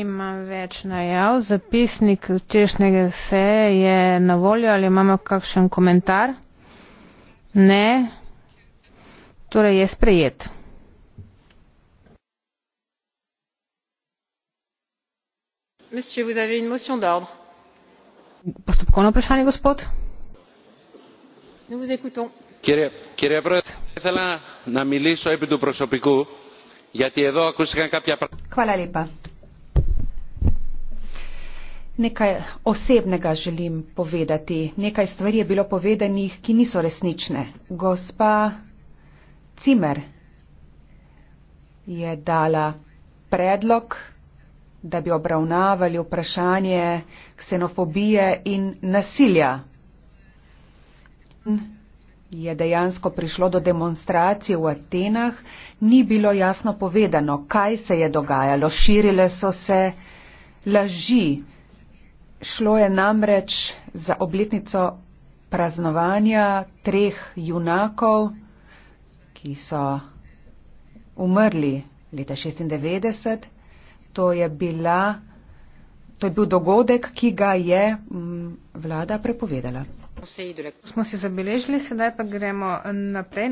Imam več najav. Zapisnik včerajšnjega seje je na voljo ali imamo kakšen komentar? Ne. Torej je sprejet. Monsieur, vous avez une motion d'ordre. Postupkovno vprašanje, gospod. Nous vous écoutons. Kjer, kjer je prez, ethela, na milisu, Hvala lepa. Nekaj osebnega želim povedati. Nekaj stvari je bilo povedanih, ki niso resnične. Gospa Cimer je dala predlog, da bi obravnavali vprašanje ksenofobije in nasilja. Je dejansko prišlo do demonstracije v Atenah, ni bilo jasno povedano, kaj se je dogajalo, širile so se laži. Šlo je namreč za obletnico praznovanja treh junakov, ki so umrli leta 96. To je, bila, to je bil dogodek, ki ga je mm, vlada prepovedala. Smo si zabeležili, sedaj pa gremo naprej.